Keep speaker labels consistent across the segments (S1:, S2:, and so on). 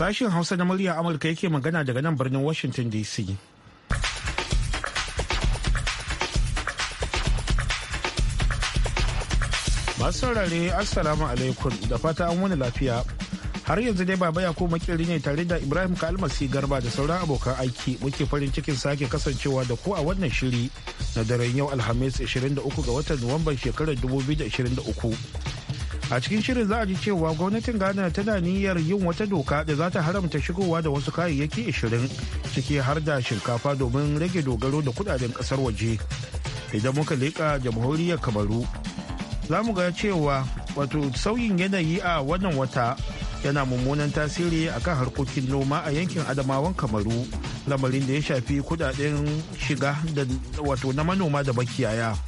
S1: Sashen Hausa na murya Amurka yake magana daga nan birnin Washington DC. Masu saurare Assalamu alaikum da fata an wani lafiya. Har yanzu dai baba ya koma makiri ne tare da Ibrahim Kalmasi Garba da sauran abokan aiki muke farin cikin sake kasancewa da ku a wannan shiri na daren yau Alhamis 23 ga watan Nuwamban shekarar 2023. a cikin shirin za a ji cewa gwamnatin ghana tana niyyar yin wata doka da za ta haramta shigowa da wasu kayayyaki 20 ciki har da shinkafa domin rage dogaro da kudaden kasar waje idan muka leƙa jamhuriyar kamaru za mu ga cewa wato sauyin yanayi a wannan wata yana mummunan tasiri a kan harkokin noma a yankin adamawan kamaru lamarin da ya shafi kudaden shiga da wato na manoma da makiyaya.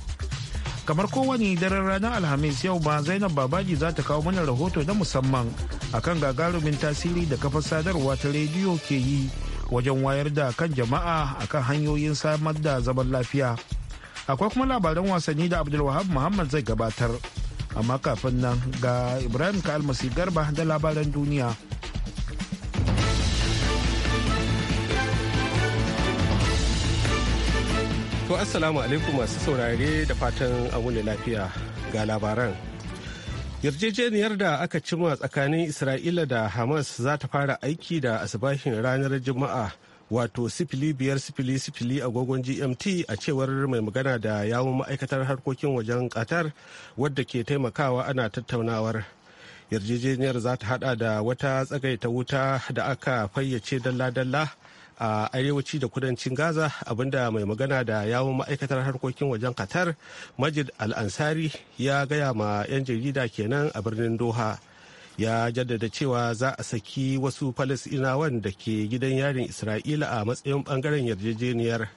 S1: kamar kowane daren ranar alhamis yau ma zainab babaji za ta kawo mana rahoto na musamman akan gagarumin tasiri da kafar sadarwa ta rediyo ke yi wajen wayar da kan jama'a akan hanyoyin samar da zaman lafiya akwai kuma labaran wasanni da abdulwahab muhammad zai gabatar amma kafin nan ga ibrahim ka garba da labaran duniya
S2: To Assalamu alaikum masu saurare da fatan wuni lafiya ga labaran. Yarjejeniyar da aka cima tsakanin Isra'ila da Hamas za ta fara aiki da asibahin ranar Juma'a wato sifili biyar sifili sifili agogon GMT a cewar mai magana da yawon ma'aikatar harkokin wajen Qatar wadda ke taimakawa ana tattaunawar. Yarjejeniyar za ta hada da wata tsagaita wuta da aka fayyace dalla-dalla. a arewaci da kudancin gaza abinda mai magana da yawon ma'aikatar harkokin wajen qatar majid al-ansari ya gaya ma 'yan jarida kenan a birnin doha ya jaddada cewa za a saki wasu palestinawan da ke gidan yarin isra'ila a matsayin bangaren yarjejeniyar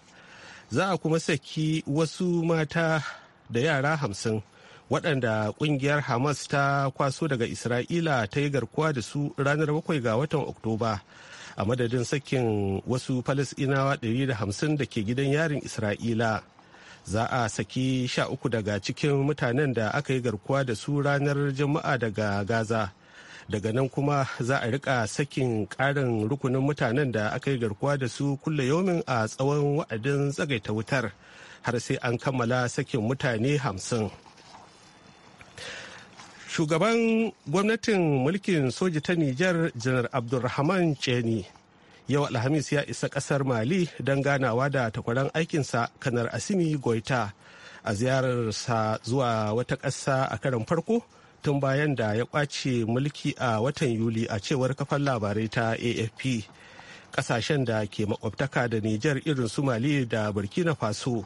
S2: za a kuma saki wasu mata da yara hamsin waɗanda ƙungiyar hamas ta kwaso daga isra'ila ta yi garkuwa da su ranar bakwai ga watan oktoba a madadin sakin wasu falasinawa 150 da ke gidan yarin isra'ila za a saki sha uku daga cikin mutanen da aka yi garkuwa da su ranar jama'a daga gaza daga nan kuma za a rika sakin karin rukunin mutanen da aka yi garkuwa da su kulle yomin a tsawon wa'adin tsagaita wutar har sai an kammala sakin mutane hamsin. shugaban gwamnatin mulkin soja ta nijar janar abdulrahman ceni yau alhamis ya isa kasar mali don ganawa da takwaran aikinsa kanar asimi goita a ziyararsa zuwa wata ƙasa a karan farko tun bayan da ya kwace mulki a watan yuli a cewar kafar labarai ta afp ƙasashen da ke makwabtaka da nijar irin su mali da burkina faso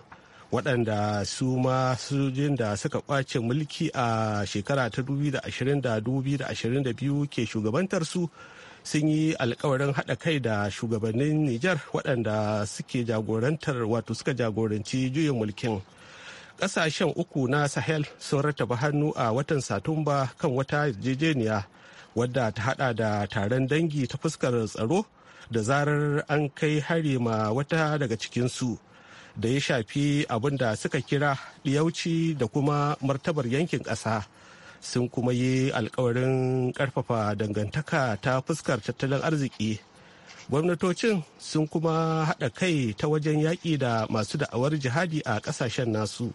S2: waɗanda su ma sojojin da suka ƙwace mulki a shekara ta 2020 2022 ke shugabantar su sun yi alkawarin haɗa kai da shugabannin Nijar waɗanda suke jagorantar wato suka jagoranci juyin mulkin. Ƙasashen uku na Sahel sun rattaba hannu a watan Satumba kan wata yarjejeniya wadda ta haɗa da taron dangi ta fuskar tsaro da zarar an kai hari ma wata daga cikinsu da ya shafi abin da suka kira ɗiyauci da kuma martabar yankin ƙasa sun kuma yi alkawarin ƙarfafa dangantaka ta fuskar tattalin arziki gwamnatocin sun kuma haɗa kai ta wajen yaƙi da masu da'awar jihadi a ƙasashen nasu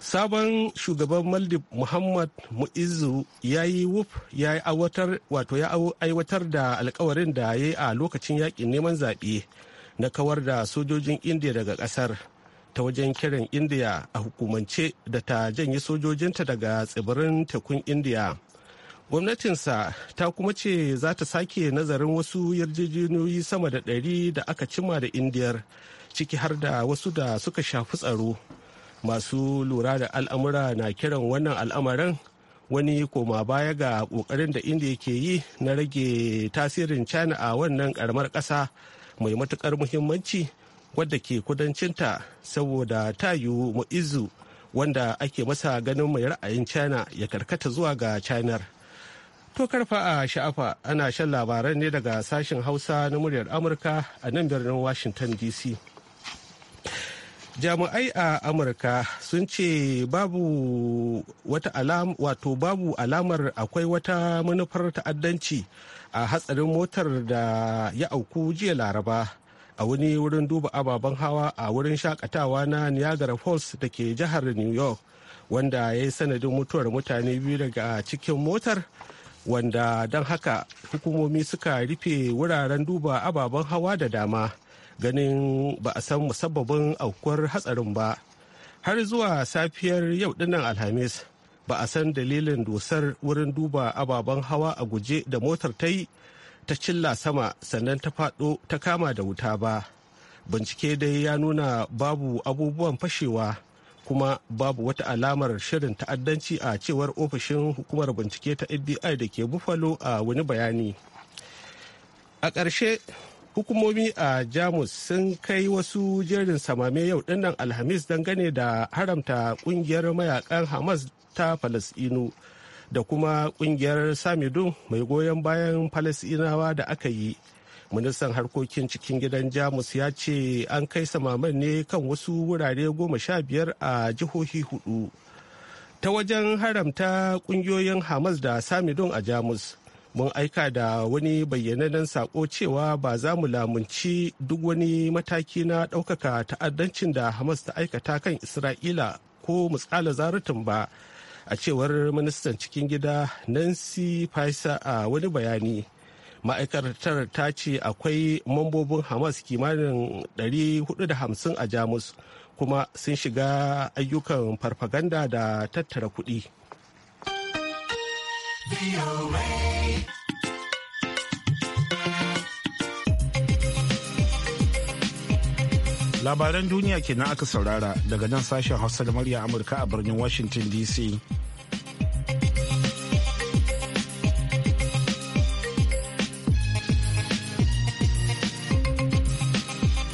S2: sabon shugaban maldiv muhammad mu'izu ya yi wuf ya aiwatar da alkawarin da ya yi a lokacin yaƙin neman zaɓe na kawar da sojojin indiya daga kasar ta wajen kiran indiya a hukumance da ta janye sojojinta daga tsibirin tekun indiya gwamnatinsa ta kuma ce za ta sake nazarin wasu yarjejeniyoyi sama da ɗari da aka cima da indiyar ciki har da wasu da suka shafi tsaro masu lura da al'amura na kiran wannan al'amarin wani koma baya ga ƙoƙarin da indiya ke yi na rage tasirin china a wannan ƙaramar ƙasa mai matukar muhimmanci wadda ke kudancinta saboda tayu yiwu mu'izu wanda ake masa ganin mai ra'ayin china ya karkata zuwa ga chinar to karfa a sha'afa ana shan labaran ne daga sashen hausa na muryar amurka a nan birnin washington dc jami'ai a amurka sun ce babu wata alam wato babu alamar akwai wata manufar ta'addanci a hatsarin motar da ya auku jiya laraba a wani wurin duba ababen hawa a wurin shakatawa na niagara falls da ke jihar new york wanda ya yi sanadin mutuwar mutane biyu daga cikin motar wanda don haka hukumomi suka rufe wuraren duba ababen hawa da dama ganin ba a san musabbabin aukuwar hatsarin ba har zuwa safiyar yau dinnan alhamis ba a san dalilin dosar wurin duba ababen hawa a guje da motar ta yi ta cilla sama sannan ta faɗo ta kama da wuta ba bincike dai ya nuna babu abubuwan fashewa kuma babu wata alamar shirin ta'addanci a cewar ofishin hukumar bincike ta fbi da ke Bufalo a wani bayani a ƙarshe hukumomi a jamus sun kai wasu jerin samame yau dinnan alhamis dangane da haramta kungiyar mayakan hamas ta falasinu da kuma kungiyar samidu mai goyon bayan falasinawa da aka yi ministan harkokin cikin gidan jamus ya ce an kai samaman ne kan wasu wurare goma sha biyar a jihohi hudu ta wajen haramta kungiyoyin hamas da samidun a jamus mun aika da wani bayyanannen sako cewa ba za mu lamunci duk wani mataki na ɗaukaka ta'addancin da hamas ta aikata kan isra'ila ko mutsala zarutun ba a cewar ministan cikin gida nancy faisa a wani bayani ma'aikatar ta ce akwai mambobin hamas kimanin 450 a jamus kuma sun shiga ayyukan farfaganda da tattara kuɗi.
S1: Labaran duniya kenan aka saurara daga nan sashen Hausa da murya Amurka a birnin Washington DC.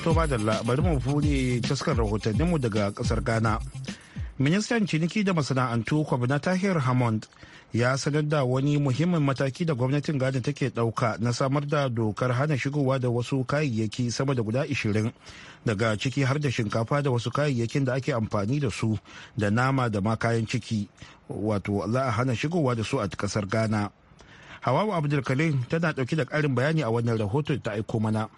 S1: To madalla bari mu bude taskar rahotanninmu daga kasar Ghana. ministan ciniki da masana'antu kwabna tahir hammond ya sanar da wani muhimmin mataki da gwamnatin ghana take ɗauka na samar da dokar hana shigowa da wasu kayayyaki sama da guda 20 daga ciki har da shinkafa da wasu kayayyakin da ake amfani da su da nama da ma kayan ciki wato za a hana shigowa da su a kasar ghana hawawa Abdulkarim tana ɗauki da ƙarin bayani a wannan rahoton ta aiko mana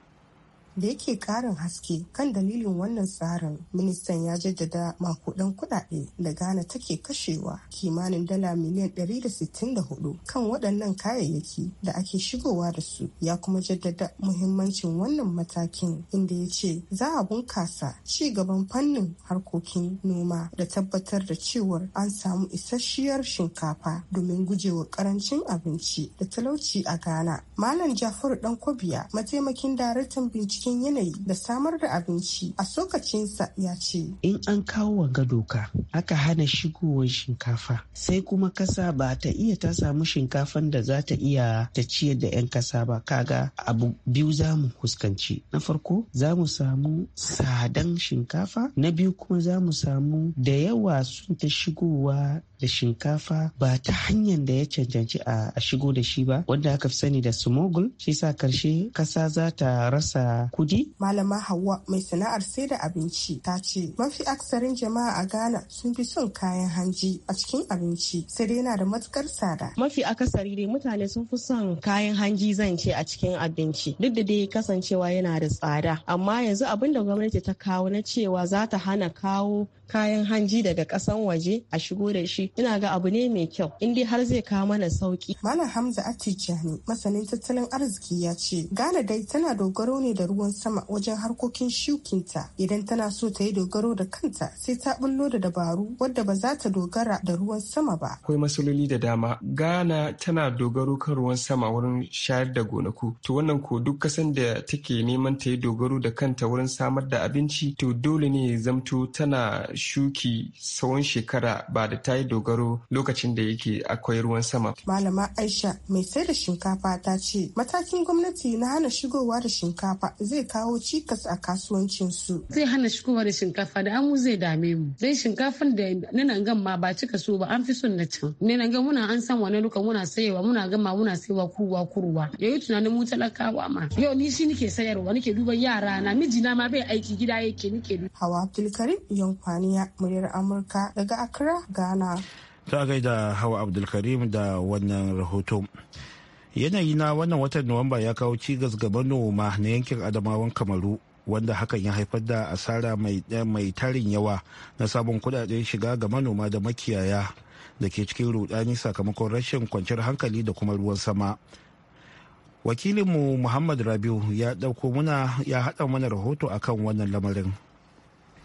S3: da yake karin haske kan dalilin wannan tsarin ministan ya jaddada makudan kudade da ghana take kashewa kimanin dala miliyan 164 kan waɗannan kayayyaki da ake shigowa da su ya kuma jaddada muhimmancin wannan matakin inda ya ce za a bunkasa ci gaban fannin harkokin noma da tabbatar da cewar an samu isasshiyar shinkafa domin gujewa karancin abinci da talauci a ghana malam jafaru dan kobiya mataimakin daraktan bincike cikin yanayi da samar da abinci a sokacinsa ya ce. In an kawo wanga doka aka hana shigowar shinkafa sai kuma kasa ba ta iya ta samu shinkafan da za ta iya ta ciyar da 'yan kasa ba kaga abu biyu za mu fuskanci. Na farko za mu samu sadan shinkafa na biyu kuma za mu samu da yawa sun ta shigowa da shinkafa ba ta hanyar da ya cancanci a shigo da shi ba wanda aka fi sani da smuggle shi sa karshe kasa za ta rasa kudi. Malama Hauwa mai sana'ar sai da abinci ta ce mafi aksarin jama'a a Ghana sun fi son kayan hanji a cikin abinci sai dai yana da matukar tsada. Mafi akasari dai mutane sun fi son kayan hanji zan ce a cikin abinci duk da dai kasancewa yana da tsada amma yanzu abin da gwamnati ta kawo na cewa za ta hana kawo kayan hanji daga kasan waje a shigo da shi ina ga abu ne mai kyau in dai har zai kawo mana sauki malam hamza atijani masanin tattalin arziki ya ce ghana dai tana dogaro ne da ruwan sama wajen harkokin shukinta idan tana so ta yi dogaro da kanta sai ta bullo da dabaru wadda ba za ta dogara da ruwan sama ba
S2: akwai matsaloli da dama gana tana dogaro kan ruwan sama wurin shayar da gonaku to wannan ko duk kasan da take neman ta yi dogaro da kanta wurin samar da abinci to dole ne zamto tana shuki tsawon shekara ba da ta yi dogaro lokacin da yake akwai ruwan sama.
S3: Malama Aisha mai sai da shinkafa ta ce matakin gwamnati na hana shigowa da shinkafa zai kawo cikas a kasuwancin su.
S4: Zai hana shigowa da shinkafa da amu zai dame mu. Zai shinkafan da nana gan ma ba cika so ba an fi son na can. Nana gan muna an san wani lokacin muna sayewa muna gama muna sayewa kurwa kurwa. Yayi tunanin mu talakawa ma. Yau ni shi nike sayarwa nike duban
S3: yara na mijina ma bai aiki gida yake nike. Hawa Abdulkarim Saniya muryar Amurka daga Accra, Ghana.
S1: Ta gaida Hawa Abdulkarim da wannan rahoto. Yanayi na wannan watan Nuwamba ya kawo cigas ga manoma na yankin Adamawan Kamaru. wanda hakan ya haifar da asara mai eh, tarin yawa na sabon kudaden shiga ga manoma da makiyaya da ke cikin rudani sakamakon rashin kwanciyar hankali da kuma ruwan sama wakilinmu muhammad rabiu ya dauko muna ya haɗa mana rahoto akan wannan lamarin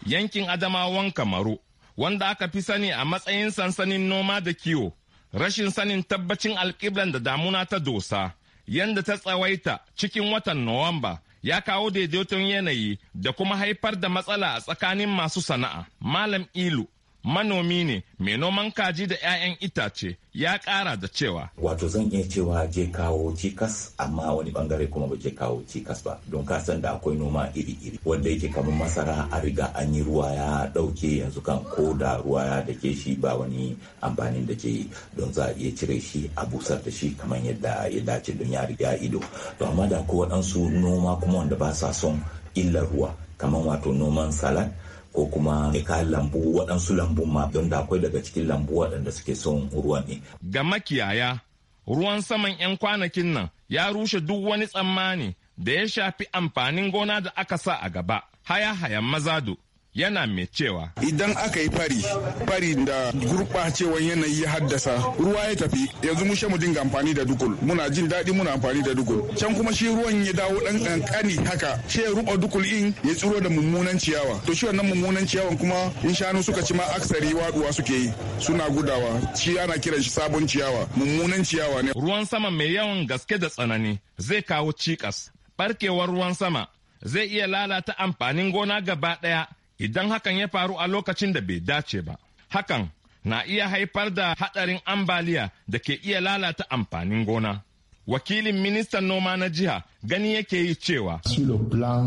S5: yankin adamawan kamaru wanda aka fi sani a matsayin sansanin noma da kiwo rashin sanin tabbacin alƙiblan da damuna ta dosa yadda ta tsawaita cikin watan nuwamba ya kawo daidaiton yanayi da kuma haifar da matsala a tsakanin masu sana'a malam ilu manomi ne mai noman kaji da 'ya'yan itace ya kara da cewa. Wato zan iya cewa je kawo cikas amma wani bangare kuma ba je kawo cikas ba don ka san da akwai noma iri-iri wanda yake kamar masara a riga an yi ruwa ya ɗauke yanzu kan ko da ruwa ya dake shi ba wani amfanin da ke don za a iya cire shi a busar da shi kamar yadda ya dace don ya riga ido. To amma da ko waɗansu noma kuma wanda ba sa son illar ruwa kamar wato noman salad ko kuma ya kayan lambu waɗansu lambun ma don da akwai daga cikin lambu waɗanda suke son ruwa ne. Ga makiyaya ruwan saman 'yan kwanakin nan ya rushe duk wani tsammani da ya shafi amfanin gona da aka sa a gaba. Haya hayan mazado yana mai cewa idan aka yi fari fari da gurɓacewar yanayi ya haddasa ruwa ya tafi yanzu mu mu dinga amfani da dukul muna jin daɗi muna amfani da dukul can kuma shi ruwan ya dawo ɗan ƙanƙani haka ce ya ruɓa dukul in ya tsiro da mummunan ciyawa to shi wannan mummunan ciyawan kuma in shanu suka ci ma aksari waɗuwa suke yi suna gudawa shi ana kiran shi sabon ciyawa mummunan ciyawa ne ruwan sama mai yawan gaske da tsanani zai kawo cikas barkewar ruwan sama zai iya lalata amfanin gona gaba ɗaya idan hakan ya faru a lokacin da bai dace ba. Hakan na iya haifar da haɗarin ambaliya da ke iya lalata amfanin gona. wakilin ministan noma na jiha gani yake yi cewa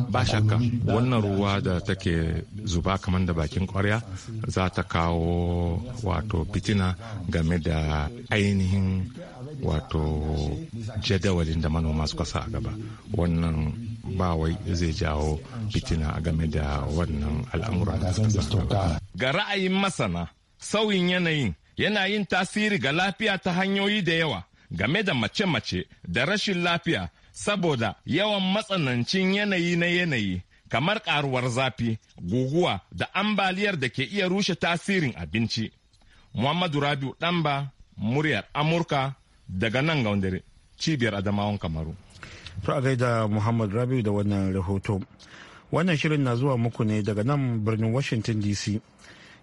S5: ba shakka wannan ruwa da take zuba kamar da bakin kwarya za ta kawo wato fitina game da ainihin wato jadawalin da manoma suka sa a gaba wannan ba wai zai jawo fitina game da wannan al'amura ga ra'ayin masana sauyin yanayin yana yin tasiri ga lafiya ta hanyoyi da yawa game da mace-mace da rashin lafiya saboda yawan matsanancin yanayi na yanayi kamar karuwar zafi, guguwa da ambaliyar da ke iya rushe tasirin abinci. Muhammadu Rabiu Ɗanba, muryar Amurka daga nan gaundare, cibiyar Adamawan Kamaru.
S1: Ra'agai da Rabiu da wannan rahoto. Wannan shirin na zuwa muku ne daga nan birnin Washington DC.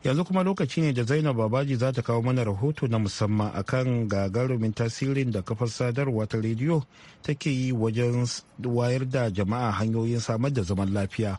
S1: yanzu kuma lokaci ne da zainab babaji za ta kawo mana rahoto na musamman akan gagarumin tasirin da kafar sadarwa ta rediyo take yi wajen wayar da jama'a hanyoyin samar da zaman lafiya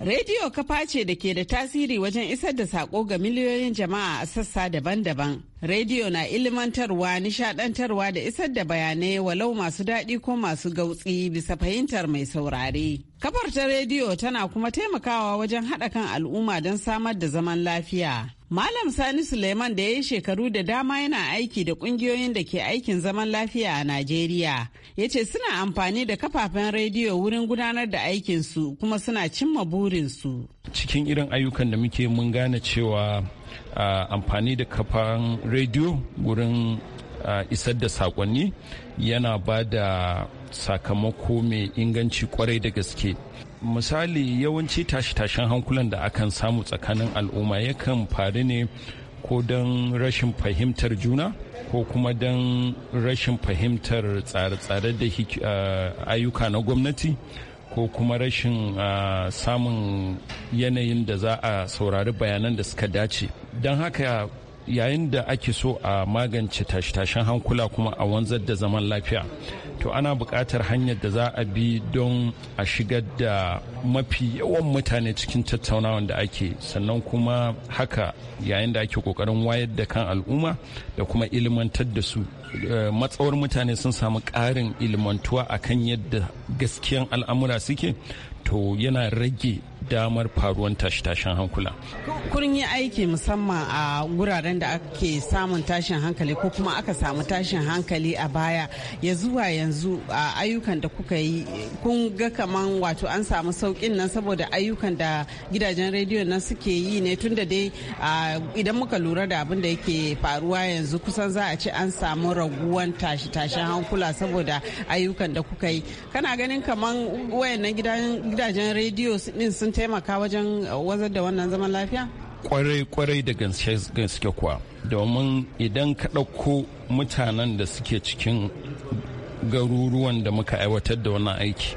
S6: rediyo kafa ce da ke da tasiri wajen isar da sako ga miliyoyin jama'a a sassa daban-daban rediyo na ilimantarwa nishadantarwa da isar da bayanai walau masu daɗi ko masu gautsi bisa fahimtar mai saurare Kafar ta rediyo tana kuma taimakawa wajen haɗa kan al'umma don samar da zaman lafiya. Malam Sani Suleiman da ya yi shekaru da dama yana aiki da ƙungiyoyin da ke aikin zaman lafiya a Najeriya, ya ce suna amfani da kafafen rediyo wurin gudanar da aikinsu kuma suna cimma burinsu.
S7: Cikin irin ayyukan da muke mun gane cewa ah, amfani da kafan rediyo wurin ah, isar da saƙonni yana ba da sakamako mai inganci kwarai da gaske misali yawanci tashi-tashin hankulan da akan samu tsakanin al'umma yakan faru ne ko don rashin fahimtar juna ko kuma don rashin fahimtar tsare-tsare da ayyuka na gwamnati ko kuma rashin samun yanayin da za a saurari bayanan da suka dace don haka yayin da ake so a magance tashe-tashen hankula kuma a wanzar da zaman lafiya to ana buƙatar hanyar da za a bi don a shigar da mafi yawan mutane cikin tattaunawan da ake sannan kuma haka yayin da ake ƙoƙarin wayar da kan al'umma da kuma ilmantar da su eh, matsawar mutane sun samu ƙarin ilmantuwa akan yadda gaskiyan al'amura suke to yana rage damar faruwan tashi-tashin hankula.
S6: Kun yi aiki musamman a wuraren da ake samun tashin hankali ko kuma aka samu tashin hankali a baya ya zuwa yanzu a ayyukan da kuka yi kun ga kaman wato an samu saukin nan saboda ayyukan da gidajen rediyo nan suke yi ne tun da dai idan muka lura da abin da yake faruwa yanzu kusan za a ce an samu raguwan tashi-tashin hankula saboda ayyukan da kuka yi kana ganin kaman wayannan gidajen rediyo din sun taimaka wajen uh, wazar da wannan zaman lafiya?
S7: kwarai-kwarai da gaske kuwa domin idan ka ɗauko mutanen da suke cikin garuruwan da muka aiwatar da wannan aiki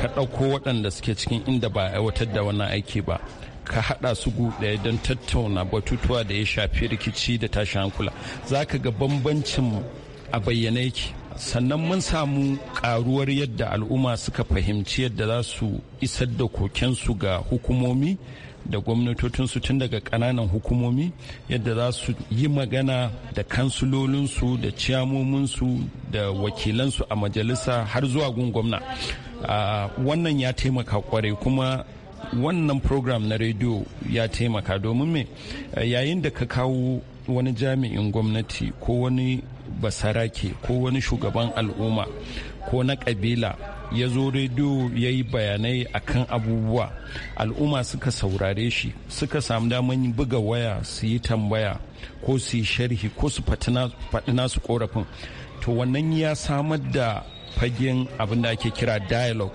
S7: ka ɗauko waɗanda suke cikin inda ba aiwatar da wannan aiki ba ka haɗa su gu ɗaya don tattauna batutuwa da ya shafi rikici da tashin hankula za ka ga bambancin a bayyane yake sannan mun samu karuwar yadda al'umma suka fahimci yadda za su isar da kokensu ga hukumomi da gwamnatocinsu tun daga kananan hukumomi yadda za su yi magana da kansulolinsu da ciyamominsu da wakilansu a majalisa har zuwa gun gwamna wannan ya taimaka kwarai kuma wannan program na rediyo ya taimaka domin me yayin da ka kawo wani jami'in gwamnati ko wani basarake ko wani shugaban al'umma ko na kabila ya zo rediyo ya yi bayanai a kan abubuwa al'umma suka saurare shi suka samu daman buga waya su yi tambaya ko su yi sharhi ko su faɗi nasu korafin to wannan ya samar da fagen abin da ake kira dialogue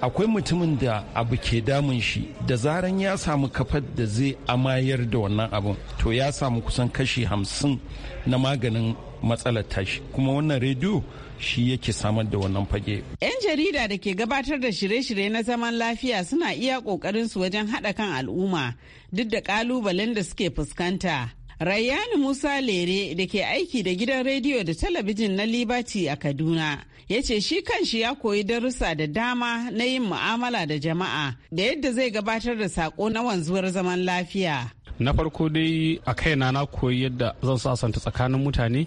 S7: akwai mutumin da abu ke damun shi da zaran ya samu kafar da zai amayar da wannan abin to ya samu kusan kashi hamsin na maganin matsalar tashi kuma wannan rediyo shi yake samar da wannan fage.
S6: 'Yan jarida da ke gabatar da shirye-shirye na zaman lafiya suna iya su wajen haɗa kan al'umma duk da ƙalubalen da suke fuskanta. Rayyani Musa Lere da ke aiki da gidan rediyo da talabijin na Liberty a Kaduna ya ce shi kanshi ya koyi darussa da dama na yin mu'amala da jama'a da yadda zai gabatar da sako na wanzuwar zaman lafiya.
S8: na farko dai a kaina na koyi yadda zan sasanta tsakanin mutane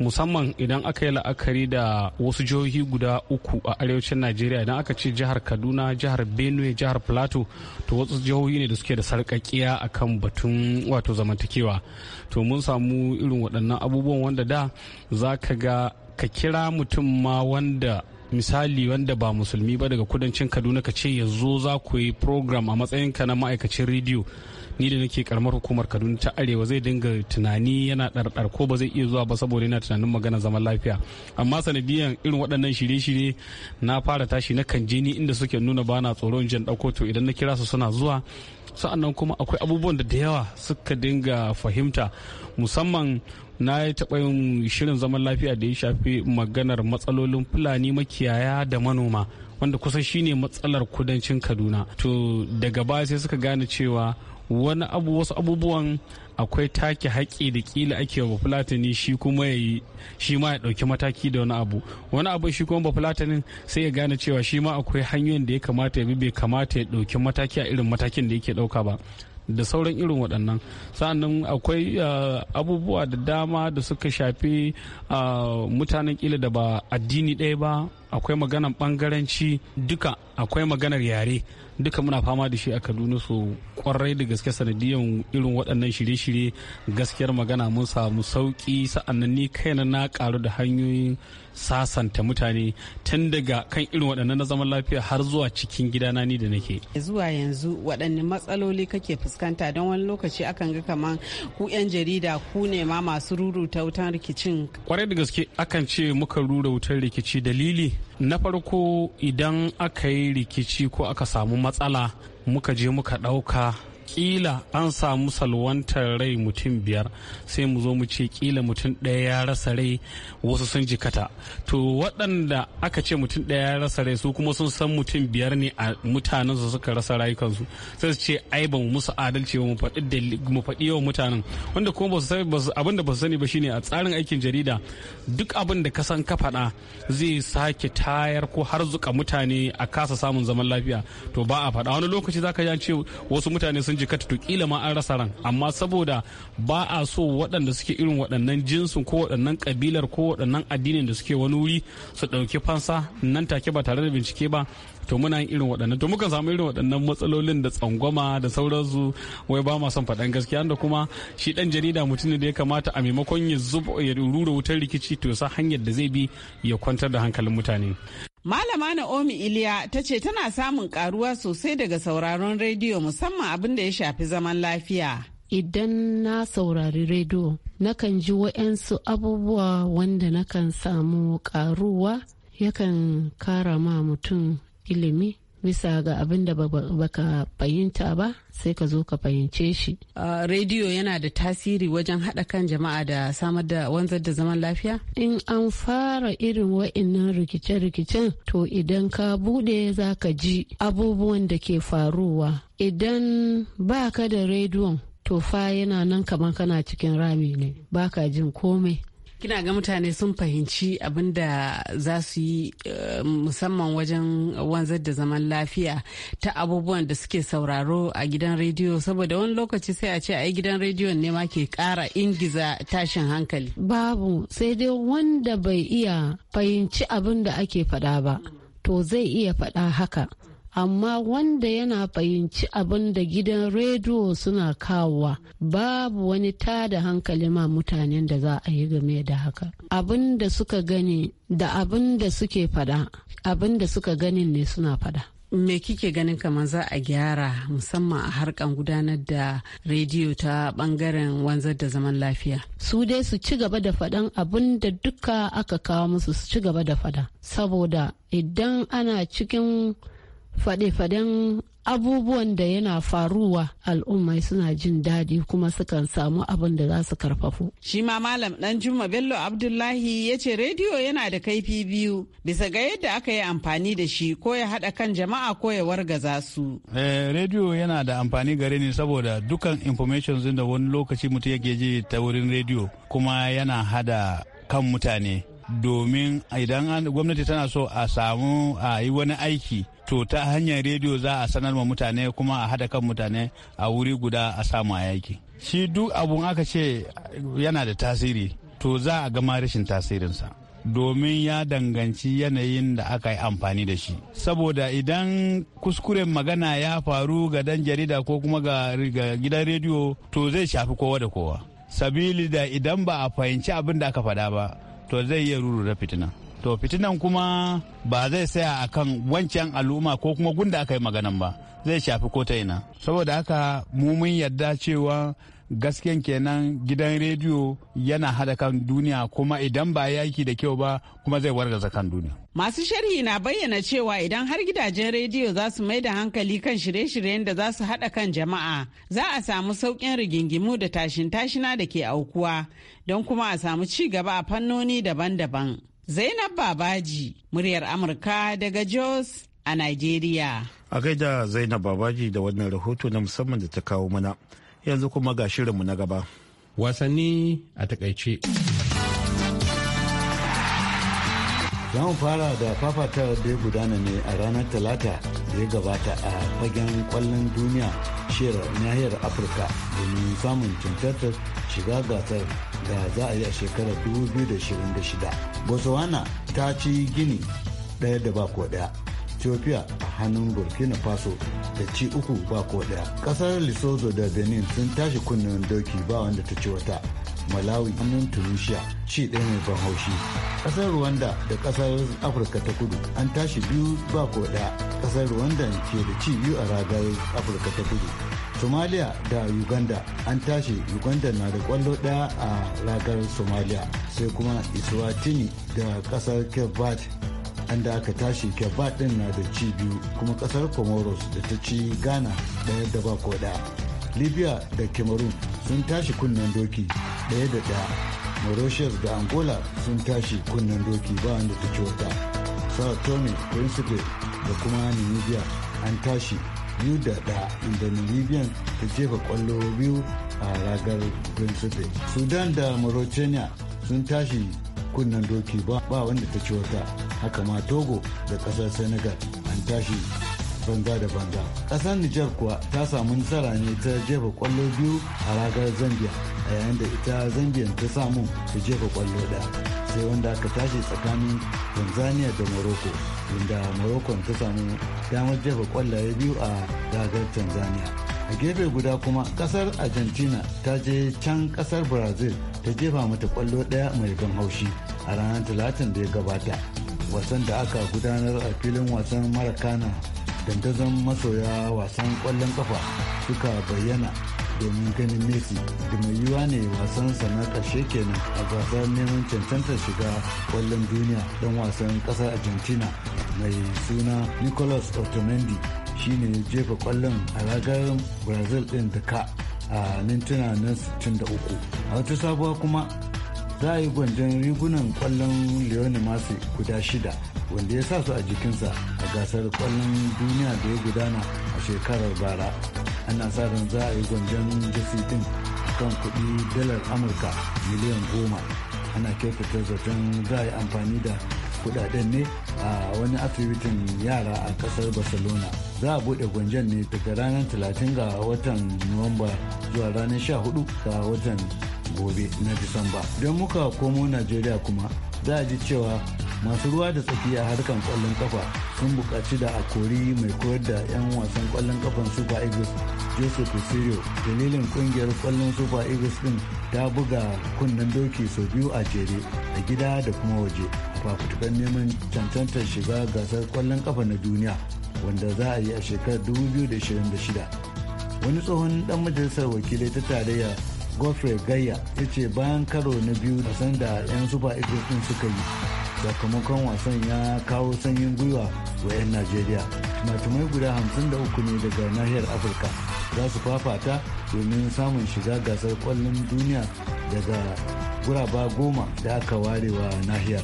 S8: musamman idan aka yi la'akari da wasu jihohi guda uku a arewacin najeriya idan aka ce jihar kaduna jihar benue jihar plateau to wasu jihohi ne da suke da sarkakiya akan batun wato zamantakewa to mun samu irin waɗannan abubuwan wanda da za ka ga ka kira mutum ma wanda misali wanda ba musulmi ba daga kudancin kaduna ka ce yanzu za ku yi program a matsayinka na ma'aikacin rediyo ni da nake karamar hukumar kaduna ta arewa zai dinga tunani yana ɗarɗar ko ba zai iya zuwa ba saboda yana tunanin magana zaman lafiya amma sanadiyan irin waɗannan shirye-shirye na fara tashi na kan jini inda suke nuna ba na tsoron jan ɗauko to idan na kira su suna zuwa sa'annan kuma akwai abubuwan da da yawa suka dinga fahimta musamman na yi taɓa yin shirin zaman lafiya da ya shafi maganar matsalolin fulani makiyaya da manoma wanda kusan shine matsalar kudancin kaduna to daga baya sai suka gane cewa wani abu wasu abubuwan akwai take haƙƙi da ƙila ake wa fulatani shi kuma ya yi shi ma ya ɗauki mataki da wani abu wani abu shi kuma bafulatanin sai ya gane cewa shi ma akwai hanyoyin da ya kamata ya bi bai kamata ya ɗauki mataki a irin matakin da yake ɗauka ba da sauran irin waɗannan sa'annan akwai ah, abubuwa da dama da suka shafi ah, mutanen ƙila da ba addini ɗaya ba akwai maganar bangaranci duka akwai maganar yare duka muna fama da shi a kaduna so kwarai da gaske sanadiyan irin waɗannan shirye-shirye gaskiyar magana mun samu sauƙi sa'annan ni kaina na ƙaru da hanyoyin sasanta mutane tun daga kan irin waɗannan na zaman lafiya har zuwa cikin gidana ni da nake
S6: zuwa yanzu waɗanne matsaloli kake fuskanta don wani lokaci akan ga kaman ku 'yan jarida ku ne ma masu ruru ta wutan rikicin
S8: kwarai da gaske akan ce muka rura wutar rikici dalili na farko idan aka yi rikici ko aka samu matsala muka je muka ɗauka kila an samu salwantar rai mutum biyar sai mu zo mu ce kila mutum ɗaya ya rasa rai wasu sun jikata to waɗanda aka ce mutum ɗaya ya rasa rai su kuma sun san mutum biyar ne a su suka rasa rayukansu sai su ce ai ba mu musu adalci ba mu faɗi yawan mutanen wanda kuma ba su sani abin da ba su sani ba shine a tsarin aikin jarida duk abin da ka san ka faɗa zai sake tayar ko har zuka mutane a kasa samun zaman lafiya to ba a faɗa wani lokaci zaka ji an ce wasu mutane sun jikata to kila ma an rasa ran amma saboda ba a so waɗanda suke irin waɗannan jinsin ko waɗannan kabilar ko waɗannan addinin da suke wani wuri su ɗauki fansa nan take ba tare da bincike ba to muna yin irin waɗannan to muka samu irin waɗannan matsalolin da tsangwama da sauransu wai ba ma son faɗan gaskiya da kuma shi ɗan jarida mutum ne da ya kamata a maimakon ya rura wutar rikici to sa hanyar da zai bi ya kwantar da hankalin mutane
S6: Malama na omi Iliya ta ce tana samun karuwa sosai daga sauraron rediyo musamman abin da ya shafi zaman lafiya.
S4: Idan na saurari rediyo, nakan ji wa'yansu abubuwa wanda nakan samu karuwa yakan kara ma mutum ilimi bisa ga abin da baka fahimta ba sai ka zo ka fahimce shi.
S6: Uh, rediyo yana da tasiri wajen haɗa kan jama'a da samar da wanzar da zaman lafiya?
S4: In an fara irin wa'innan rikice-rikicen to idan ka buɗe za ka ji abubuwan da ke faruwa. Idan ba ka da rediyon to fa yana nan kamar kana cikin rami ne ba ka jin komai
S6: kina ga mutane sun fahimci abin da za su yi eh, musamman wajen wanzar da zaman lafiya ta abubuwan da suke sauraro a gidan rediyo saboda wani lokaci sai a ce a gidan rediyo ne ma ke kara ingiza tashin hankali
S4: babu sai dai wanda bai iya fahimci abin da ake faɗa ba to zai iya faɗa haka amma wanda yana fahimci abin da gidan rediyo suna kawowa babu wani tada hankali ma mutanen da za a yi game da haka abin da suka gani da abin da suke fada abin da suka ganin ne suna fada
S6: me kike ganin kamar za a gyara musamman a harkan gudanar da rediyo ta bangaren wanzar da zaman lafiya
S4: su dai su ci gaba da faɗan abin da duka aka kawo musu su ci gaba da faɗa saboda idan ana cikin faɗe-faɗen abubuwan da yana faruwa al'umma suna jin daɗi kuma sukan samu abin da za su karfafu.
S6: Shi ma Malam ɗan Juma Bello Abdullahi ya ce rediyo yana da kaifi biyu bisa ga yadda aka yi amfani da shi ko ya haɗa kan jama'a ko ya wargaza su.
S9: Eh, rediyo yana da amfani gare ni saboda dukkan information da wani lokaci mutum yake ji ta wurin rediyo kuma yana hada kan mutane domin idan gwamnati tana so a samu a yi wani aiki to ta hanyar rediyo za a sanar ma mutane kuma a hada kan mutane a wuri guda a samu a yaki shi duk abun aka ce yana da tasiri to za a gama rashin tasirinsa domin ya danganci yanayin da aka yi amfani da shi saboda idan kuskuren magana ya faru ga dan jarida ko kuma ga gidan rediyo to zai shafi kowa da kowa sabili da idan ba a fahimci abin da aka faɗa ba to zai iya ruru da fitina to fitinan kuma ba zai saya a kan wancan al'umma ko kuma gunda aka yi maganan ba zai shafi ko ta ina saboda haka mu mun yarda cewa gasken kenan gidan rediyo yana hada kan duniya kuma idan ba yaki da kyau ba kuma zai wargaza kan duniya.
S6: Masu sharhi na bayyana cewa idan har gidajen rediyo za su mai da hankali kan shirye-shiryen da za su hada kan jama'a za a samu saukin rigingimu da tashin tashina da ke aukuwa don kuma a samu ci gaba a fannoni daban-daban. Zainab Babaji, muryar Amurka daga Jos a Najeriya.
S1: A gaida Zainab Babaji da wannan rahoto na musamman da ta kawo mana. Yanzu kuma ga shirinmu na gaba.
S7: Wasanni a takaice.
S10: Za mu fara da fafatar da gudana ne a ranar Talata da ya gabata a fagen kwallon duniya shirar nahiyar Afirka domin samun cancantar shiga gasar da za a yi a shekarar 2026 botswana ta ci gini daya da bako daya ethiopia a hannun burkina faso da ci uku bako daya kasar lesotho da benin sun tashi kunnen doki ba wanda ta ci wata malawi hannun tunisia ci ɗaya mai ban haushi ƙasar rwanda da kasar afirka ta kudu an tashi biyu ba ko kasar ƙasar rwanda ke da ci biyu a ragar afirka ta kudu somalia da uganda an tashi uganda na da kwallo daya a ragar somalia sai kuma iswatini da kasar kirbat an da aka tashi kirbat din na da ci biyu kuma kasar comoros da ta ci ghana daya da ba ko daya libya da cameroon sun tashi kunnen doki daya da daya mauritius da angola sun tashi kunnen doki ba wanda ta ci wata sao tome principe da kuma namibia an tashi biyu da ɗaya inda namibian ta jefa kwallo biyu a ragar bensufe sudan da mauritania sun tashi kunnen doki ba wanda ta ci wata haka ma togo da ƙasar senegal an tashi banza da banza ƙasar nijar kuwa ta samu nasara ne ta jefa kwallo biyu a ragar zambia a yayin da ita zambia ta samu ta jefa kwallo ɗaya sai wanda aka tashi tsakanin tanzania da morocco inda morocco ta samu damar jefa kwallaye biyu a gagar tanzania a gefe guda kuma kasar argentina ta je can kasar brazil ta jefa mata kwallo daya mai ban haushi a ranar talatin da ya gabata wasan da aka gudanar a filin wasan marakana dandazon masoya wasan kwallon kafa suka bayyana domin ganin messi da mai yiwuwa ne wasansa na ƙarshe kenan a gasar neman cancantar shiga kwallon duniya dan wasan kasar argentina mai suna nicolas otamendi shine jefa kwallon a ragar brazil din da ka a mintuna na 63 a wata sabuwa kuma za a yi gwanjon rigunan kwallon leone masu guda shida wanda ya sa su a jikinsa a gasar kwallon duniya da ya gudana a shekarar bara ana sa ran za a yi gwanjan jasi din kan kuɗi dalar amurka miliyan goma ana kyautata zaton za a yi amfani da kudaden ne a wani asibitin yara a kasar barcelona za a bude gwanjan ne daga ranar 30 ga watan nuwamba zuwa ranar 14 ga watan gobe na disamba don muka komo najeriya kuma za a ji cewa masu ruwa da tsakiya harkan kwallon kafa sun bukaci da a kori mai koyar da 'yan wasan kwallon kafan super eagles joseph osirio dalilin kungiyar kwallon super eagles din ta buga kunnen doki sau biyu a jere a gida da kuma waje a fafutukan neman cancantar shiga gasar kwallon kafa na duniya wanda za a yi a shekarar 2026 wani tsohon dan majalisar wakilai ta tarayya godfrey gaya ya ce bayan karo na biyu da sanda 'yan super eagles din suka yi sakamakon wasan ya kawo sanyin gwiwa wa 'yan najeriya matumai guda hamsin da uku ne daga nahiyar afirka za su fafata domin samun shiga gasar kwallon duniya daga guraba goma da aka ware wa nahiyar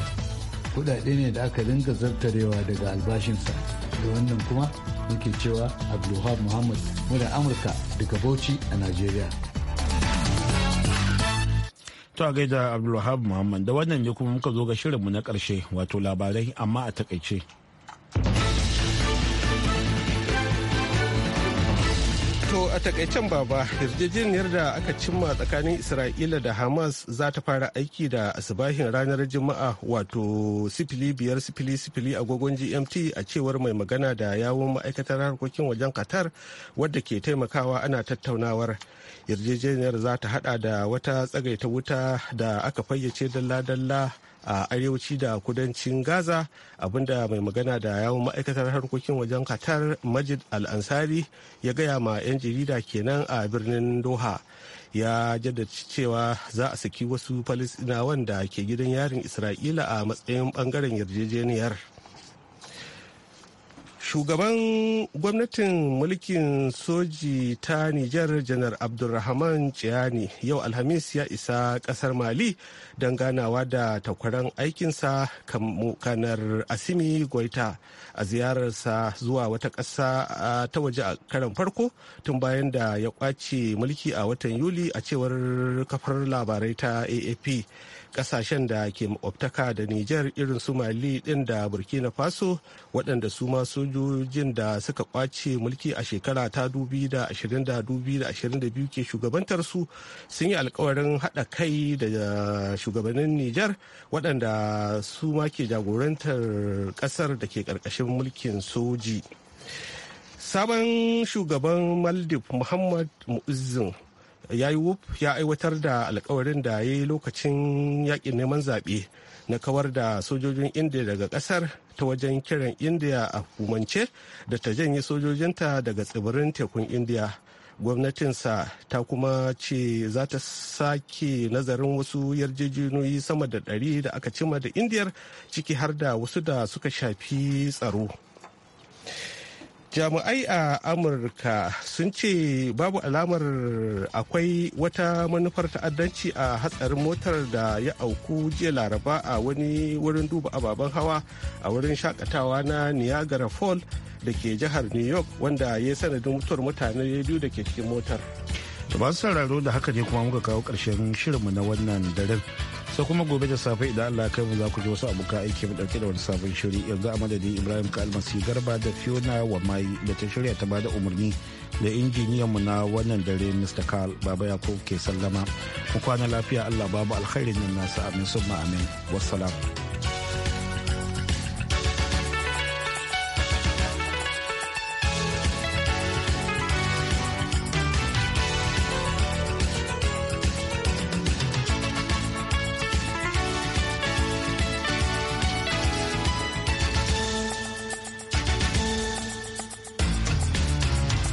S10: kudade ne da aka dinga zartarewa daga albashinsa da wannan kuma muke cewa abdulhab muhammad muda amurka daga bauchi a najeriya
S1: To a gaida Abdulwahab Muhammad da wannan ne kuma muka zo ga shirinmu na karshe wato labarai amma a takaice.
S2: To a takaicen baba yarjejeniyar da aka cimma tsakanin Isra'ila da Hamas za ta fara aiki da asibahin ranar Juma'a wato sifili biyar sifili sifili agogon GMT a cewar mai magana da yawon ma'aikatar harkokin wajen Qatar wadda ke taimakawa ana tattaunawar. Yarjejeniyar za ta hada da wata tsagaita wuta da aka fayyace dalla-dalla a arewaci da kudancin gaza abinda mai magana da yawon ma'aikatar harkokin wajen qatar majid al-ansari ya gaya ma 'yan jarida kenan a birnin doha ya jaddada cewa za a saki wasu falisinawan da ke gidan yarin isra'ila a matsayin bangaren yarjejeniyar shugaban gwamnatin mulkin soji ta nijar janar abdulrahman ciyani yau alhamis ya isa kasar mali don ganawa da takwaran aikinsa kanar asimi goita a ziyararsa zuwa wata ƙasa ta waje a karan farko tun bayan da ya kwace mulki a watan yuli a cewar kafar labarai ta aap kasashen da ke maƙwabtaka da Nijar irin su Mali din da Burkina Faso waɗanda su ma sojojin da suka kwace mulki a shekara ta da 2022 ke shugabantar su sun yi alkawarin haɗa kai da shugabannin Nijar waɗanda su ma ke jagorantar ƙasar da ke ƙarƙashin mulkin soji. Sabon shugaban Maldiv Muhammad Mu'izzin ya yi wuf ya aiwatar da alkawarin da ya yi lokacin yakin neman zaɓe na kawar da sojojin indiya daga ƙasar ta wajen kiran indiya a hukumance da ta janye sojojinta daga tsibirin tekun indiya gwamnatinsa ta kuma ce za ta sake nazarin wasu yarjejeniyoyi sama da ɗari da aka cima da indiyar ciki har da wasu da suka shafi tsaro jami'ai a amurka sun ce babu alamar akwai wata manufar ta'addanci a hatsarin motar da ya auku jiya laraba a wani wurin duba ababen hawa a wurin shakatawa na niagara fall da ke jihar new york wanda ya sanadin mutuwar mutane biyu da ke cikin motar.
S1: masu sauraro da haka ne kuma muka kawo karshen shirinmu na wannan daren sai kuma gobe da safe idan Allah kai mu za ku ji wasu abokan aiki mu dauke da wani sabon shiri yanzu a madadin Ibrahim Kalmasi Garba da Fiona mai da ta shirya ta bada umarni da injiniyan mu na wannan dare Mr. Karl Baba Yakub ke sallama ku kwana lafiya Allah babu alkhairin nan nasa amin summa amin wassalam